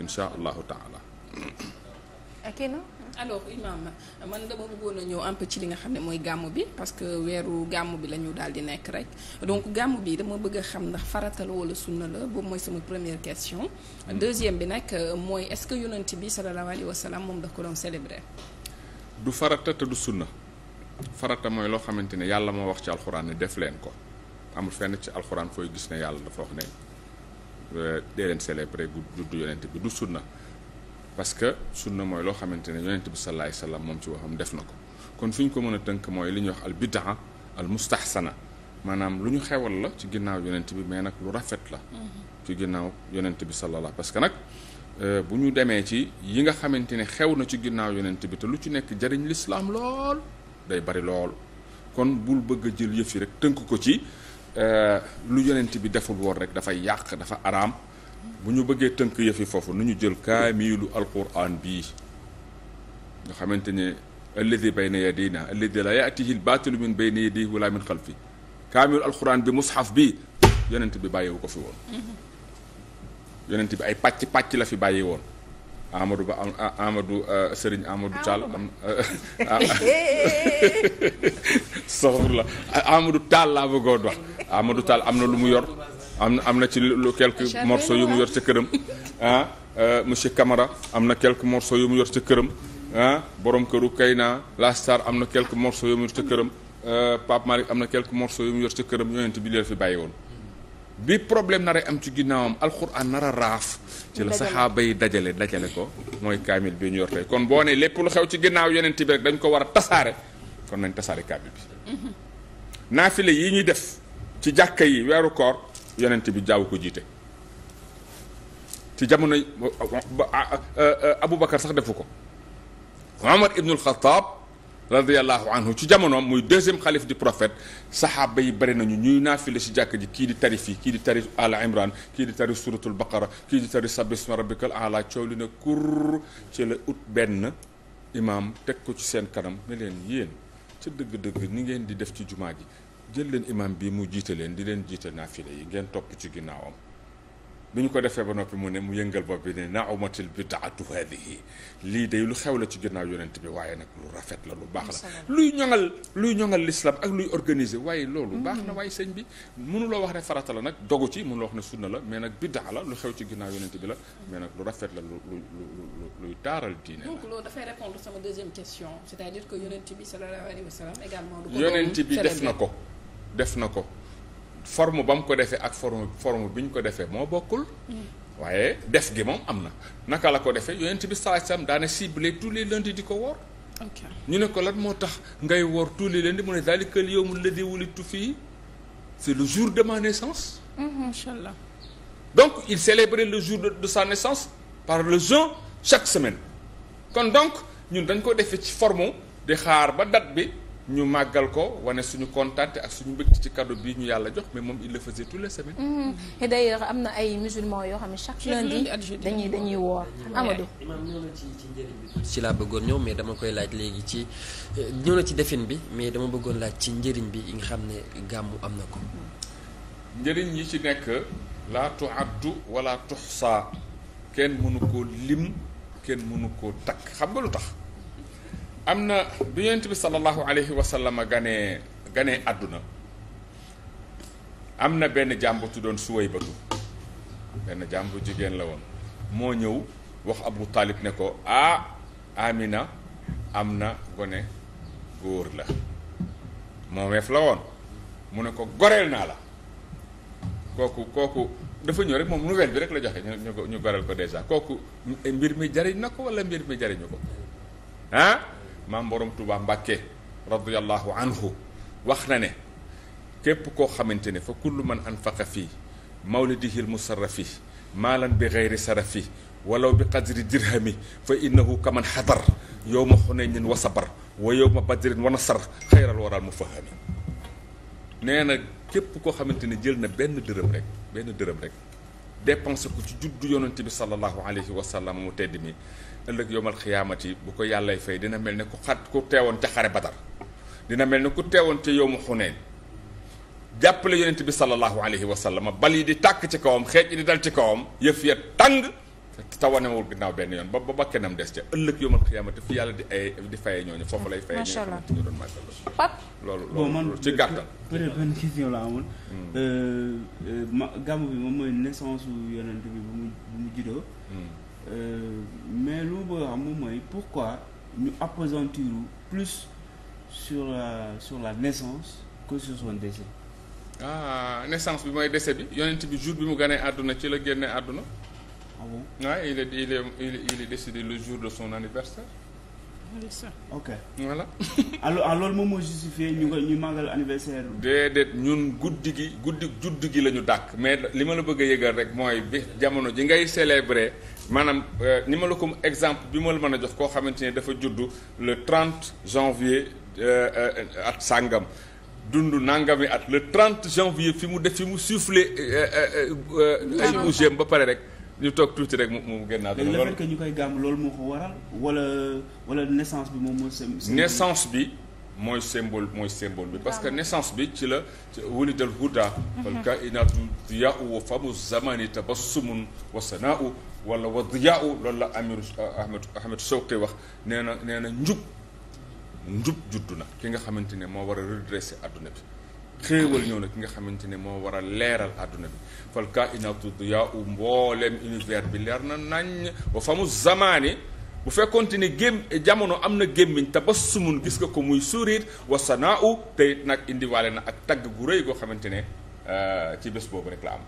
incha allahu taala. akina alors Imaam man dama bëggoon a ñëw un ci li nga xam ne mooy gàmm bi parce que weeru gàmm bi la ñu daal di nekk rek donc gàmm bi dama bëgg xam ndax faratal la wala sunna la boobu mooy sama première question. Mm. deuxième bi nag euh, mooy est-ce que yonent bi sallallahu alayhi wa sallam moom daf ko doon célébrer. du farata te du sunna farata mooy loo xamante ne yàlla moo wax ci alxuraan ne def leen ko amul fenn ci alxuraan fooy gis ne yàlla dafa wax ne. Euh, dee leen célébrer juddu yonent bi du sunna parce que sunna mooy loo xamante ne yonent bi salaay salaam moom ci waxam def na ko kon fi ñu ko mën a tënk mooy li ñuy wax al bidaa al mustahsana maanaam lu ñu xewal la ci ginnaaw yonent bi mais nag lu rafet la ci ginnaaw yonent bi sallallahu parce que nag euh, bu ñu demee ci yi nga xamante ne xew na ci ginnaaw yonent bi te lu ci nekk jariñ lislaam lool day bari lool kon bul bëgg a jël yëf yi rek tënk ko ci Euh, lu yonent bi deful woon rek dafa yàq dafa araam bu ñu bëggee tënk yëfi foofu nu ñu jël kaamilu alquran bii nga xamante ne alladi bayna yadina alladi la yatihi albatilu min bayna yadihi wala min xalfi kaamilu alxuraan bi mushaf bi yonent bi bàyyiwu ko fi woon mm-hmm. yonent bi ay pàcc-pàcc la fi bàyyi woon Amadou Ba Amadou euh, Serigne Amadou Tall am amadu ah. Amadou Tall laa bëggoon wax Amadou Tall am na lu mu yor am na am na ci lu quelques morceaux yu mu yor ca këram ah euh, monsieur kamara am na quelques morceaux yu mu yor ca këram ah borom këru Kayna la star am na quelques morceaux yu mu yor ca këram euh, Pape Malick am na quelques morceaux mu yor ca këram yonent bi fi bàyyi woon bi problème nar am ci ginnaawam alxuraan nar a raaf. ci la saxaaba yi dajale dajale ko. mooy kaamil bi ñu yor tey kon boo ne lépp lu xew ci ginnaaw yeneen bi rek dañ ko war a tasaare kon nañ tasaare kaamil bi. Mhm. naafile yi ñuy def ci jàkka yi weeru koor yonent bi jaaw ko jiite ci jamono Aboubacar sax defu ko Omar ibnul Xataab radiallahu anhu ci jamono muy deuxième xalif du prophète saxaaba yi bëri nañu ñuy naafile si jàkk ji kii di tari fii kii di tari al imran kii di tari suratul baqara kii di tari sabisma rabbikal ala coow li na kur ci la ut benn imaam teg ko ci seen kanam ne leen yéen ca dëgg-dëgg ni ngeen di def ci jumaa ji jël leen imaam bii mu jiite leen di leen jiite naafile yi ngeen topp ci ginnaawam bi ñu ko defee ba noppi mu ne mu yëngal bopp bi ne naumatil bidaatu hadihi lii de lu xew la ci ginnaaw yonent bi waaye nag lu rafet la lu baax la luy ñoŋal luy ñoŋal l'islam ak luy organiser waaye loolu baax na waaye sëñ bi mënuloo wax ne farata la nag dogu ci mënuloo wax ne sunna la mais nag bidaa la lu xew ci ginnaaw yonent bi la mais nag lu rafet la lu lu luy taaral diine la. donc loolu dafay répondre sama deuxième question c'est-à-dire que yonent bi sallallahu alayhi wa na ko def na ko. forme ba mu ko defee ak form forme bi ñu ko defee moo bokkul. Mm. waaye def gi moom am na naka la ko defee yonent bi saa sam daane ciblé tous les lundis di ko woor. ñu ne ko lan moo tax ngay woor tous les lundis mu ne zaalika al la lladhii wulidtu fiihi c'est le jour de ma naissance. Mm, macha donc il célébrait le jour de, de sa naissance par le jeûne chaque semaine kon donc ñun dañ ko defee ci forme di xaar ba dat bi. ñu màggal ko wane suñu kontaante ak suñu mbégte ci kaddu bii ñu yàlla jox mais moom il le faisait tous les semaines. Mm-hmm. et d'ailleurs am na ay musulmans yoo xam ne chaque lundi dañuy dañuy woor Amadou. ci laa bëggoon ñëw mais dama koy laaj léegi ci euh, ñëw na ci defin bi mais dama bëggoon laaj ci njariñ bi yi nga xam ne gàmmu am na ko. Mm-hmm. njëriñ yi ci nekk laa tuaddu wala tuxsaa kenn mënu koo lim kenn mënu koo takk xam tax. am na bi yonent bi sallallahu alayhi wa sallam ganee ganee àdduna am na benn jaam bu tuddoon suway batu benn jaam bu jigéen la woon moo ñëw wax Abu Talib ne ko ah Amina am na gone góor la moomeef la woon mu ne ko goreel naa la kooku kooku dafa ñëw rek moom nouvelle bi rek la joxe ñu ñu goreel ko déjà kooku mbir mi jariñ na ko walla mbir mi jariñu ko ah maam borom Touba Mbàkke radiallahu anhu wax na ne képp koo xamante ne fa kullu man anfaqa fii mawlidihi lmusarrafi maalan bi geyri sarafi walaw bi qadri dirhami fa innahu kaman xadar yowma xunaynin wa sabar wa yowma badrin wa nasar xayral waral mu fahami nee na képp koo xamante ni jël na benn dërëm rek benn dërëm rek dépensé ko ci juddu yonente bi sallallahu alayhi wa sallam mu tedd mi ëllëg yomal xiyaamati bu ko yàllay fay dina mel ni ku xat ku teewoon ca xare Badar dina mel ni ku teewoon ca yowmu Xuneen jàppale yonent bi sallallahu alayhi wa sallam bal yi di tàkk ci kawam xeej yi di dal ci kawam yëf ya tàng te wanemawul ginnaaw benn yoon ba ba bakkanam des ca ëllëg yomal xiyaamati fi yàlla di ay di fayee ñooñu foofu lay fayee ñi nga ñu doon màggal ci gàttal peut-être benn question hmm. euh, euh, bi moom mooy naissance yonent bi bu mu juddoo hmm. Euh, mais lu mu bëgg a moom mooy pourquoi ñu appesantir plus sur la sur la naissance que sur son décès. ah naissance bi mooy décès bi yonent bi jour bi mu ganee àdduna ci la génne àdduna. ah bon waaw il est il est il est décédé le jour de son anniversaire. ok voilà. alors loolu moom moo justifié ñu ko ñu màggal anniversaire. déedéet ñun guddi gi guddi gi la ñu dàkk mais li ma la bëgg a yëgal rek mooy bi jamono ji ngay célébrer maanaam euh, ni ma la ko exemple bi ma la mën a jox koo xamante ne dafa juddu le 30 janvier euh, euh, at sàngam dund nangami at le 30 janvier fi mu def fi mu soufflé. ay ougéem ba pare rek. ñu toog tuuti rek mu mu génn àdduna. loolu le fait ñu koy gàmm loolu moo ko waral wala wala naissance bi moom mooy. naissance bi mooy symbole mooy symbole bi. parce que naissance bi ci la wulidal huda. Mhm. wal kainatu diyaau wa famu zamani tabassumun wa sanaau wala wa diyaau loolu la Amir ah, Ahmed Ahmed Shawqi wax nee na nee na njub njub juddu na ki nga xamante ne moo war a redresser àdduna bi. xéewal ñëw na ki nga xamante ne moo war a leeral àdduna bi fal ka inatu yaa mbooleem univers bi leer na nañ wa fa mu zamaani bu fekkonte ne gém jamono am na gémmiñ te ba sumun gis nga ko muy suuriir wa sanaa u nag indiwaale na ak tagg gu rëy goo xamante ne euh, ci bés boobu rek la am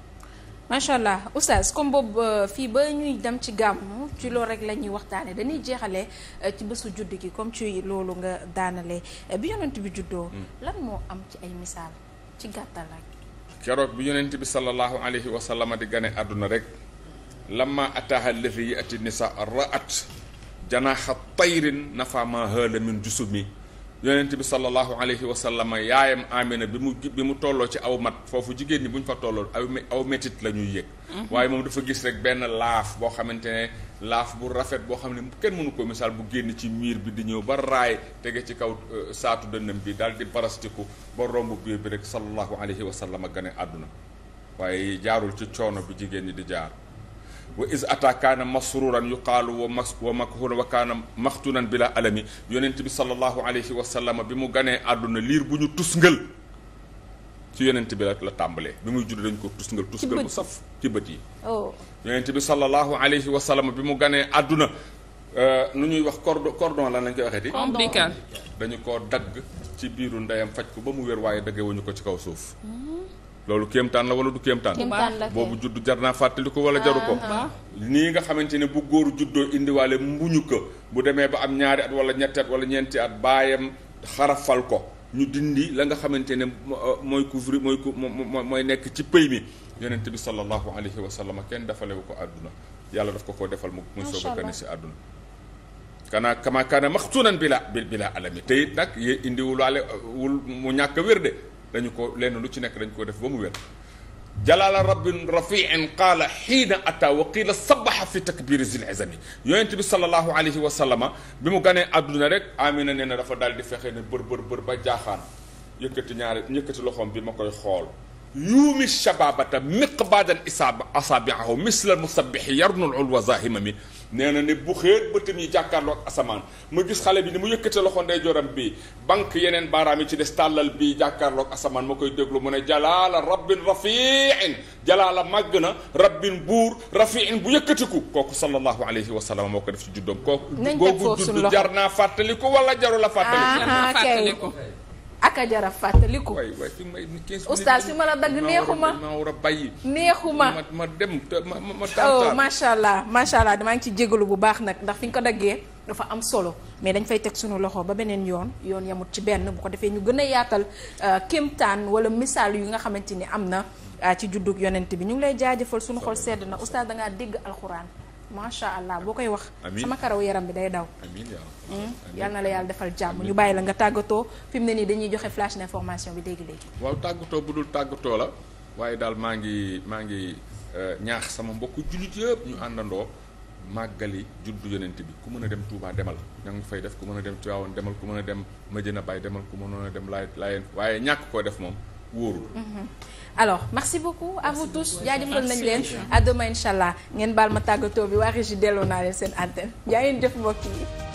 macha allah oustaz comme boobu euh, fii ba ñuy dem ci gàmmu ci loolu rek la ñuy waxtaane dañuy jeexale euh, ci bésu judd gi comme ci loolu nga daanale bi yonent bi juddoo hmm. lan moo am ci ay misaal ci gàttal rek. keroog bi yonent bi sallallahu alayhi wa sallam di gane àdduna rek lamma ataaha lafi yi ati nisa ra'at janaaxa tayrin nafaama haala min jusumi yonent bi sallallahu alayhi wa sallam yaayam amina bi mu bi mu tolloo ci aw mat foofu jigéen ñi bu ñu fa tolloo aw aw métit la ñuy yëg mm-hmm. waaye moom dafa gis rek benn laaf boo xamante ne laaf bu rafet boo xam ne kenn mënu ko misaal bu génn ci miir bi di ñëw ba raay tege ci kaw euh, saatu dënnam bi daal di barastiku ba romb biir bi rek sallallahu alayhi wa sallam gane àdduna waaye jaarul ci coono bi jigéen ñi di jaar wa is ata kaana masruran yuqaalu wa mas wa makhuna wa kaana maxtunan bila alami yonent bi sallallahu alayhi wa sallam bi mu ganee àdduna liir bu ñu tusngal ci yonent bi la la tàmbalee bi muy judd dañ ko tusngal tusngal bu saf ci bët yi oh. yonent bi sallallahu alayhi wa sallam bi mu ganee àdduna euh, nu ñuy wax cordon cordon lan lañ koy waxee ti ombilical dañu ko dagg ci biiru ndeyam faj ko ba mu wér waaye daggee wuñu ko ci kaw suuf loolu kéemtaan la wala du kéemtaan boobu juddu jar naa fàttali ko wala jaru ko ah, ah. nii nga xamante ne bu góor juddoo indiwaale mbuñu ko bu demee ba am ñaari at wala ñetti at wala ñeenti at baayam xarafal ko ñu dindi la nga xamante ne euh, mooy couvre mooy mooy nekk ci pëy mi yonent bi sallallahu alayhi wa sallam kenn defalewu ko àdduna yàlla daf ko ko defal mu muy soog a gane si àdduna kanaa kama kaana maxtuunan bi la bi la alami tey it nag yee indiwulaale euh, wul mu ñàkk wér de dañu ko lenn lu ci nekk dañu ko def ba mu wér jalaala rabbin rafiin qaala xiina ata wa qiila sabaxa fi takbiri zil izami yonent bi salallahu alayhi wa sallama bi mu ganee àdduna rek amina nee na dafa daal di fexe ne bër bër bër ba jaaxaan yëkkati ñaari yëkkati loxoom bi ma koy xool yuumi shababata miqbaadal isaaba asaabiahu misla musabbihi yarnul ulwa zahimami nee na ne bu xéet bëtam yi jàkkaarloo ak asamaan ma gis xale bi ni mu yëkkate loxo ndeyjooram bi banque yeneen baaraam yi ci des tàllal bi jàkkaarloo ak asamaan ma koy déglu mu ne jalaala rabbin rafiin jalaala màgg na rabbin buur rafiin bu yëkkatiku kooku sallallahu alayhi wa sallam moo ko def ci juddoom kooku googu judd jar naa fàttaliku wala jarul a fàttaliku ak a jara fàttaliku. waay waay fi may oustaz fi ma la dagg neexuma ma neexuma ma ma dem ma ma oh, tàntaar. oh macha allah macha allah damaa ngi ci jégalu bu baax nag ndax fi nga ko daggee dafa am solo mais dañ fay teg sunu loxo ba beneen yoon yoon yamut ci benn bu ko defee ñu gën a yaatal euh, kéemtaan wala misaal yu nga xamante ni am na euh, ci juddug yonent bi ñu ngi lay jaajëfal sunu xol sedd na oustaz da dégg alxuraan. macha allah boo koy wax. sama karaw yaram bi day daw. amiin hmm? yal na la yàlla defal jàmm ñu bàyyi la nga tàggatoo fi mu ne nii dañuy joxe flash d'information bi léegi léegi. waaw tàggatoo bu dul tàggatoo la waaye daal maa ngi maa ngi euh, ñaax sama mbokk jullit yëpp ñu àndandoo màggali juddu yonent bi ku mën a dem Touba demal ña ngi fay def ku mën a dem ci Tivaouane demal ku mën a dem ma jën a Baye demal ku mën a dem Laye Layeen waaye ñàkk koo def moom. wóorul. Mhm. alors merci beaucoup à vous tous jaajëfal nañ leen à demain incha allah ngeen baal ma tàggatoo bi waa Régie delloo naa leen seen antenne jaa ngeen jëf mbokk yi.